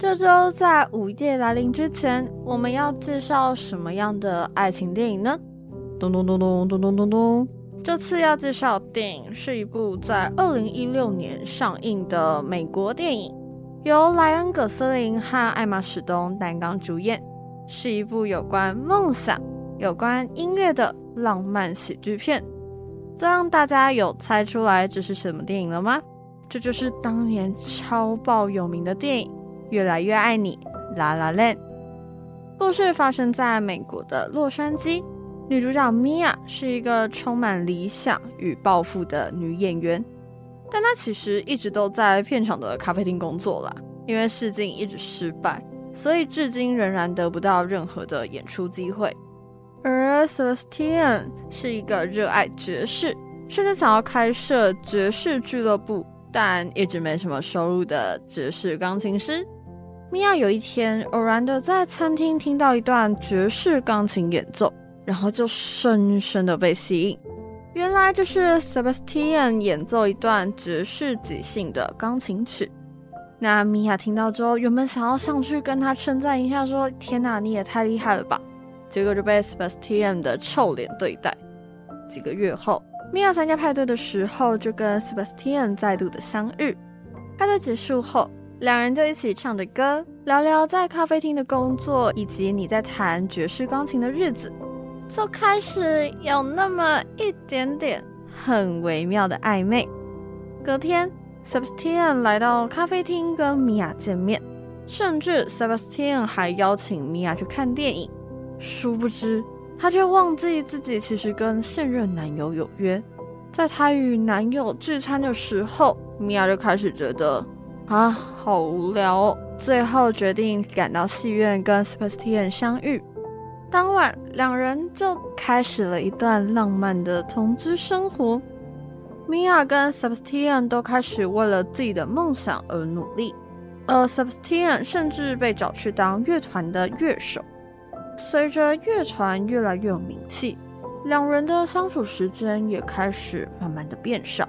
這周在午夜來臨之前，我們要介紹什麼樣的愛情電影呢？咚咚咚咚咚咚咚咚。噔噔噔，這次要介紹的電影是一部在二零一六年上映的美國電影，由萊恩·葛斯林和艾瑪·史東擔綱主演，是一部有關夢想、有關音樂的浪漫喜劇片。這讓大家有猜出來這是什麼電影了嗎？這就是當年超爆有名的電影。樂來樂愛你，La La Land！故事發生在美國的洛杉磯，女主角米婭是一個充滿理想與抱負的女演員，但她其實一直都在片場的咖啡廳工作了，因為試鏡一直失敗，所以至今仍然得不到任何的演出機會。而 Sebastian 是一個熱愛爵士，甚至想要開設爵士俱樂部，但一直沒什麼收入的爵士鋼琴師。米婭有一天偶然的在餐廳聽到一段爵士鋼琴演奏，然後就深深的被吸引。原來就是 Sebastian 演奏一段爵士即興的鋼琴曲。那米婭聽到之後，原本想要上去跟他稱讚一下，說“天吶、啊，你也太厲害了吧”，結果就被 Sebastian 的臭臉對待。幾個月後，米婭參加派對的時候，就跟 Sebastian 再度的相遇。派對結束後，兩人就一起唱着歌，聊聊在咖啡廳的工作，以及你在彈爵士鋼琴的日子，就開始有那麼一點點很微妙的曖昧。隔天，Sebastian 來到咖啡廳跟米婭見面，甚至 Sebastian 還邀請米婭去看電影。殊不知，她卻忘記自己其實跟現任男友有約。在她與男友聚餐的時候，米婭就開始覺得。啊，好無聊哦！最後決定趕到戲院跟 Sebastian 相遇。當晚，兩人就開始了一段浪漫的同居生活。米婭跟 Sebastian 都開始為了自己的夢想而努力，而 Sebastian 甚至被找去當樂團的樂手。隨着樂團越來越有名氣，兩人的相處時間也開始慢慢的變少。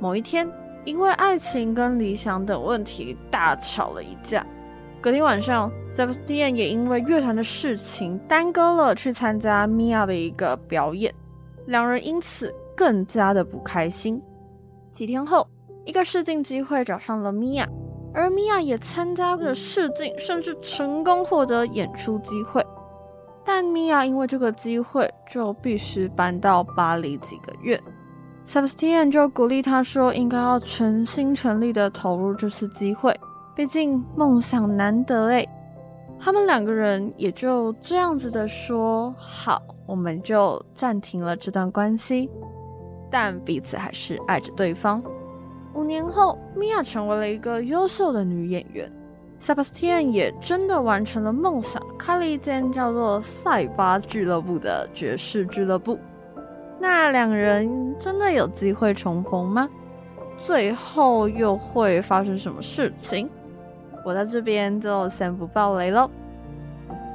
某一天。因為愛情跟理想等問題大吵了一架。隔天晚上，Sebastian 也因為樂團的事情耽擱了去參加 Mia 的一個表演，兩人因此更加的不開心。幾天後，一個試鏡機會找上了 Mia，而 Mia 也參加了試鏡，甚至成功獲得演出機會。但 Mia 因為這個機會就必須搬到巴黎幾個月。Sebastian 就鼓勵他說：“應該要全心全力的投入這次機會，畢竟夢想難得嘞、欸。”他們兩個人也就這樣子的說好，我們就暫停了這段關係，但彼此還是愛着對方。五年後，米婭成為了一個優秀的女演員。Sebastian 也真的完成了夢想，開了一間叫做“塞巴俱樂部”的爵士俱樂部。那兩人真的有機會重逢嗎？最後又會發生什麼事情？我在這邊就先不爆雷了。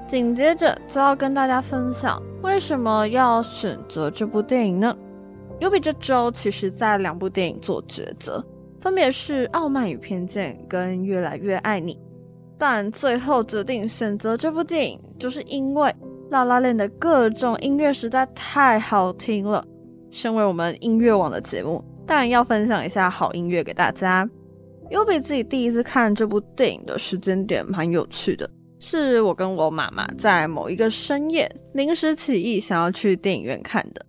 緊接着就要跟大家分享，為什麼要選擇這部電影呢？優比這周其實在兩部電影做抉擇，分別是《傲慢與偏見》跟《樂來樂愛你》，但最後決定選擇這部電影，就是因為。La La Land 的各種音樂實在太好聽了。身為我們音樂網的節目，當然要分享一下好音樂給大家。優比自己第一次看這部電影的時間點蠻有趣的，是我跟我媽媽在某一個深夜臨時起意想要去電影院看的。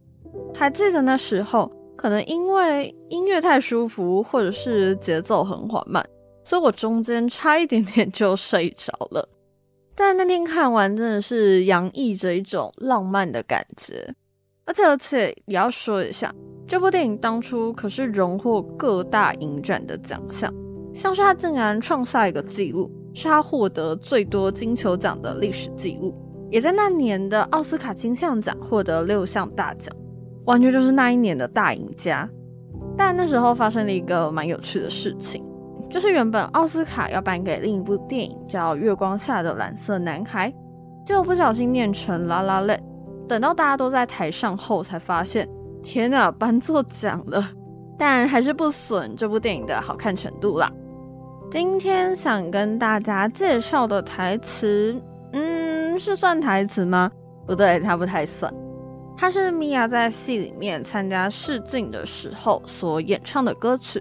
還記得那時候，可能因為音樂太舒服，或者是節奏很緩慢，所以我中間差一點點就睡着了。但那天看完，真的是洋溢着一種浪漫的感覺，而且而且也要說一下，這部電影當初可是榮獲各大影展的獎項，像是他竟然創下一個紀錄，是他獲得最多金球獎的歷史紀錄，也在那年的奧斯卡金像獎獲得六項大獎，完全就是那一年的大贏家。但那時候發生了一個蠻有趣的事情。就是原本奧斯卡要頒給另一部電影，叫《月光下的藍色男孩》，結果不小心念成“啦啦樂”。等到大家都在台上後，才發現，天哪，頒錯獎了！但還是不損這部電影的好看程度啦。今天想跟大家介紹的台詞，嗯，是算台詞嗎？不對，它不太算，它是米婭在戲裡面參加試鏡的時候所演唱的歌曲。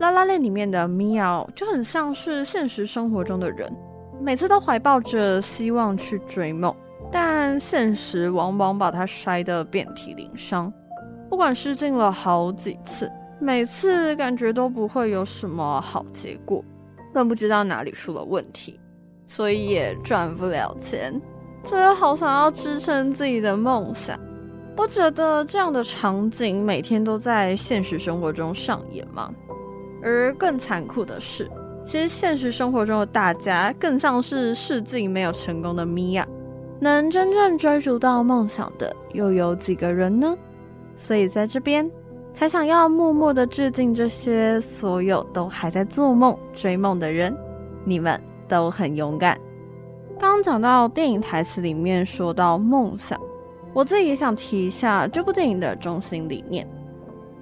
拉拉鏈裡面的 Mia 就很像是現實生活中的人，每次都懷抱着希望去追夢，但現實往往把它摔得遍體鱗傷。不管試鏡了好幾次，每次感覺都不會有什麼好結果，更不知道哪裡出了問題，所以也賺不了錢。真的好想要支撐自己的夢想。不覺得這樣的場景每天都在現實生活中上演嗎？而更殘酷的是，其實現實生活中的大家，更像是試鏡沒有成功的米婭，能真正追逐到夢想的又有幾個人呢？所以在這邊，才想要默默的致敬這些所有都還在做夢追夢的人，你們都很勇敢。剛講到電影台詞裡面說到夢想，我自己也想提一下這部電影的中心理念。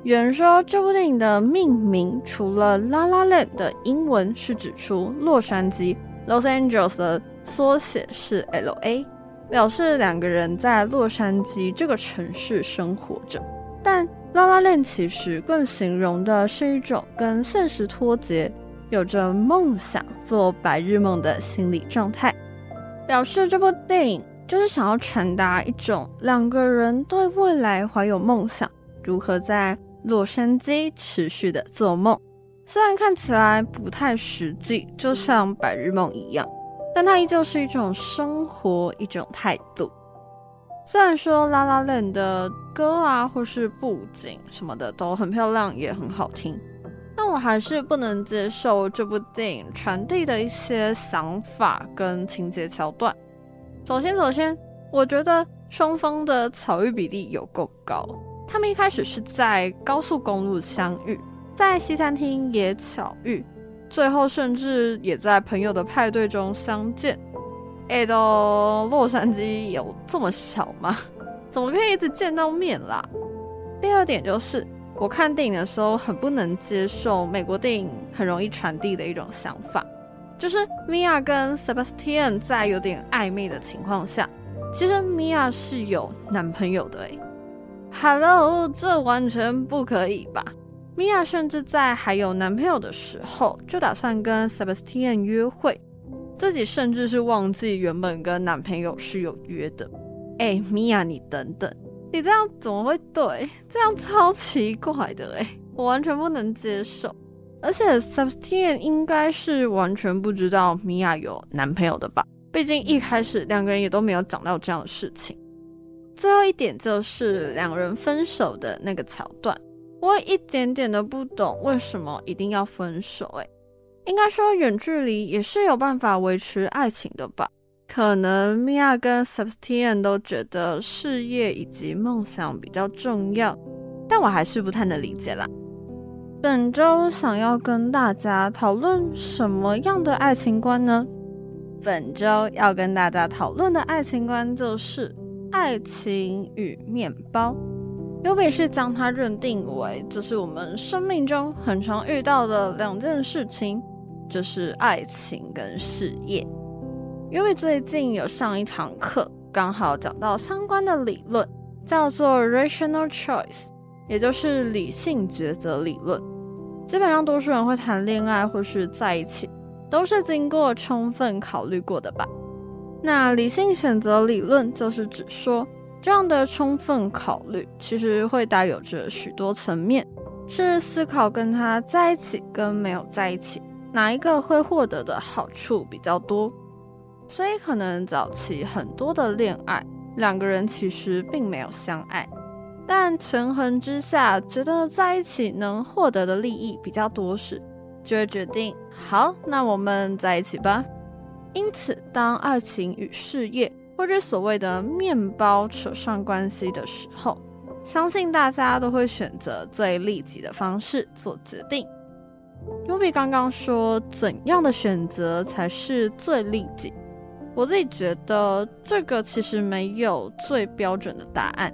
有人說，這部電影的命名除了 “La La Land” 的英文是指出洛杉磯 （Los Angeles） 的縮寫是 L.A.，表示兩個人在洛杉磯這個城市生活着。但 “La La Land” 其實更形容的是一種跟現實脫節、有着夢想、做白日夢的心理狀態，表示這部電影就是想要傳達一種兩個人對未來懷有夢想，如何在，洛杉磯持續的做夢，雖然看起來不太實際，就像白日夢一樣，但它依舊是一種生活，一種態度。雖然說 La La Land 的歌啊，或是布景什麼的都很漂亮，也很好聽，但我還是不能接受這部電影傳遞的一些想法跟情節橋段。首先，首先，我覺得雙方的巧遇比例有夠高。他們一開始是在高速公路相遇，在西餐廳也巧遇，最後甚至也在朋友的派對中相見。哎、欸，都洛杉磯有這麼小嗎？怎麼可以一直見到面啦？第二點就是，我看電影的時候很不能接受美國電影很容易傳遞的一種想法，就是米婭跟 Sebastian 在有點曖昧的情況下，其實米婭是有男朋友的誒。Hello，這完全不可以吧？米婭甚至在還有男朋友的時候，就打算跟 Sebastian 約會，自己甚至是忘記原本跟男朋友是有約的。哎、欸，米婭，你等等，你這樣怎麼會對？這樣超奇怪的欸，我完全不能接受。而且 Sebastian 應該是完全不知道米婭有男朋友的吧？畢竟一開始兩個人也都沒有講到這樣的事情。最後一點就是兩人分手的那個橋段，我一點點都不懂為什麼一定要分手，哎、欸，應該說遠距離也是有辦法維持愛情的吧？可能米婭跟 Sebastian 都覺得事業以及夢想比較重要，但我還是不太能理解啦。本周想要跟大家討論什麼樣的愛情觀呢？本周要跟大家討論的愛情觀就是。愛情與面包，Yubi 是將它認定為這是我們生命中很常遇到的兩件事情，就是愛情跟事業。因為最近有上一堂課，剛好講到相關的理論，叫做 Rational Choice，也就是理性抉擇理論。基本上，多數人會談戀愛或是在一起，都是經過充分考慮過的吧。那理性選擇理論就是指說，這樣的充分考慮，其實會帶有着許多層面，是思考跟他在一起跟沒有在一起，哪一個會獲得的好處比較多。所以可能早期很多的戀愛，兩個人其實並沒有相愛，但權衡之下覺得在一起能獲得的利益比較多時，就會決定好，那我們在一起吧。因此，當愛情與事業，或者所謂的“麵包”扯上關係的時候，相信大家都會選擇最利己的方式做決定。Ruby 剛剛說，怎樣的選擇才是最利己？我自己覺得，這個其實沒有最標準的答案，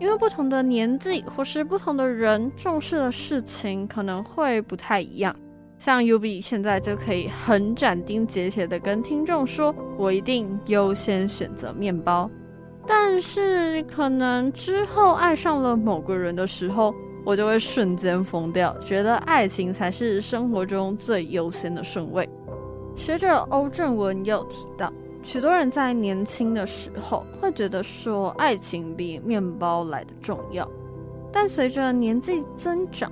因為不同的年紀，或是不同的人，重視的事情可能會不太一樣。像 UB 現在就可以很斬釘截鐵地跟聽眾說，我一定優先選擇面包。但是可能之後愛上了某個人的時候，我就會瞬間瘋掉，覺得愛情才是生活中最優先的順位。學者歐正文又提到，許多人在年輕的時候會覺得說愛情比面包來得重要，但隨着年紀增長，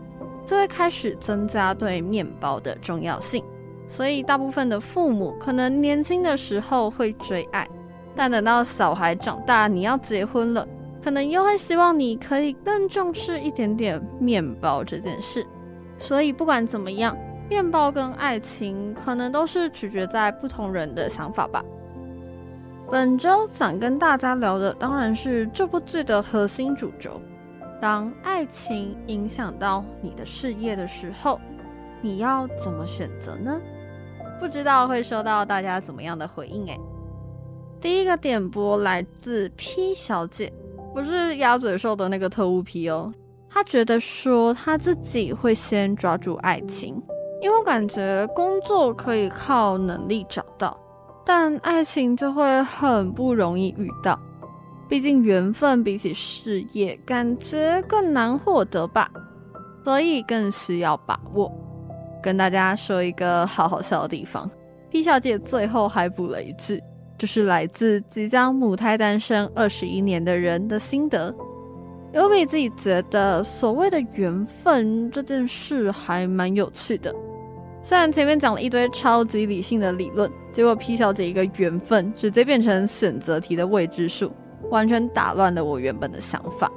就會開始增加對面包的重要性，所以大部分的父母可能年輕的時候會追愛，但等到小孩長大，你要結婚了，可能又會希望你可以更重視一點點面包這件事。所以不管怎麼樣，麵包跟愛情可能都是取決在不同人的想法吧。本週想跟大家聊的當然是這部劇的核心主軸。當愛情影響到你的事業的時候，你要怎麼選擇呢？不知道會收到大家怎麼樣的回應誒。第一個點播來自 P 小姐，不是鴨嘴獸的那個特務 P 哦，她覺得說她自己會先抓住愛情，因為我感覺工作可以靠能力找到，但愛情就會很不容易遇到。畢竟緣分比起事業，感覺更難獲得吧，所以更需要把握。跟大家說一個好好笑的地方，P 小姐最後還補了一句，就是來自即將母胎單身二十一年的人的心得。Ubi 自己覺得所謂的緣分這件事還蠻有趣的，雖然前面講了一堆超級理性的理論，結果 P 小姐一個緣分直接變成選擇題的未知數。完全打亂了我原本的想法，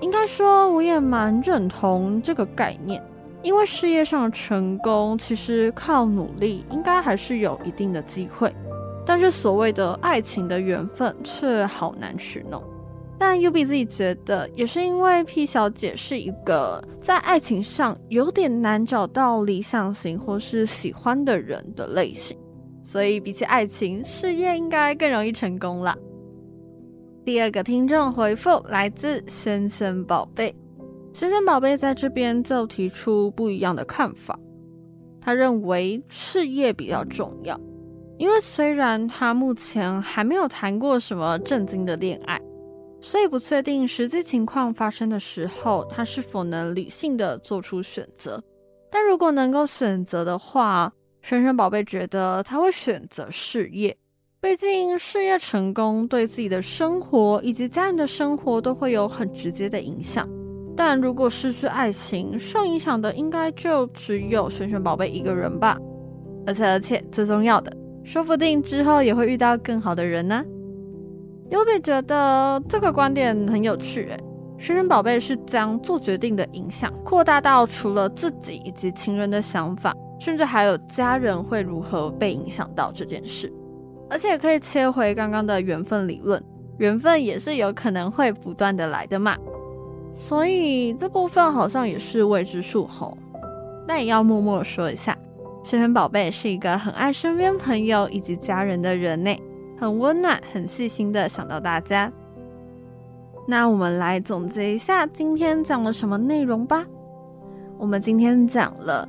應該說我也蠻認同這個概念，因為事業上的成功其實靠努力應該還是有一定的機會，但是所謂的愛情的緣分卻好難取弄，但 U B Z 自己覺得也是因為 P 小姐是一個在愛情上有點難找到理想型或是喜歡的人的類型，所以比起愛情，事業應該更容易成功啦。第二個聽眾回復來自“軒軒寶貝”，軒軒寶貝在這邊就提出不一樣的看法。他認為事業比較重要，因為雖然他目前還沒有談過什麼正經的戀愛，所以不確定實際情況發生的時候，他是否能理性地做出選擇。但如果能夠選擇的話，軒軒寶貝覺得他會選擇事業。畢竟事業成功對自己的生活以及家人的生活都會有很直接的影響，但如果失去愛情，受影響的應該就只有萱萱寶貝一個人吧？而且而且最重要的，說不定之後也會遇到更好的人呢、啊。優貝覺得這個觀點很有趣誒、欸，萱萱寶貝是將做決定的影響擴大到除了自己以及情人的想法，甚至還有家人會如何被影響到這件事。而且可以切回剛剛的緣分理論，緣分也是有可能會不斷的來的嘛，所以這部分好像也是未知數吼，那也要默默說一下，萱萱寶貝是一個很愛身邊朋友以及家人的人呢，很溫暖、很細心的想到大家。那我們來總結一下今天講了什麼內容吧。我們今天講了。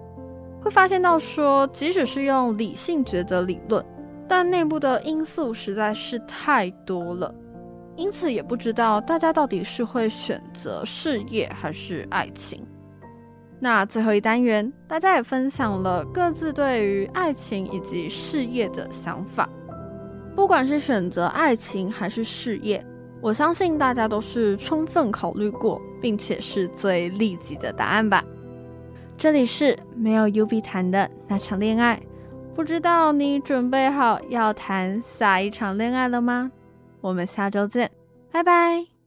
會發現到說，即使是用理性抉擇理論，但內部的因素實在是太多了，因此也不知道大家到底是會選擇事業還是愛情。那最後一單元，大家也分享了各自對於愛情以及事業的想法。不管是選擇愛情還是事業，我相信大家都是充分考慮過，並且是最利己的答案吧。這裡是沒有 UB 談的那場戀愛，不知道你準備好要談下一場戀愛了嗎？我們下周見，拜拜。